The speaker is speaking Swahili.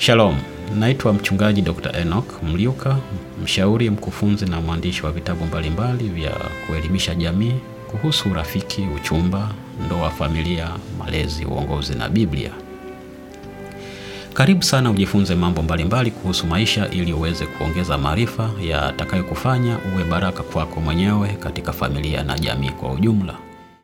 Shalom, naitwa mchungaji Dr. Enoch Mliuka, mshauri, mkufunzi na mwandishi wa vitabu mbalimbali vya kuelimisha jamii kuhusu urafiki, uchumba, ndoa, familia, malezi, uongozi na Biblia. Karibu sana ujifunze mambo mbalimbali kuhusu maisha ili uweze kuongeza maarifa yatakayokufanya uwe baraka kwako mwenyewe katika familia na jamii kwa ujumla.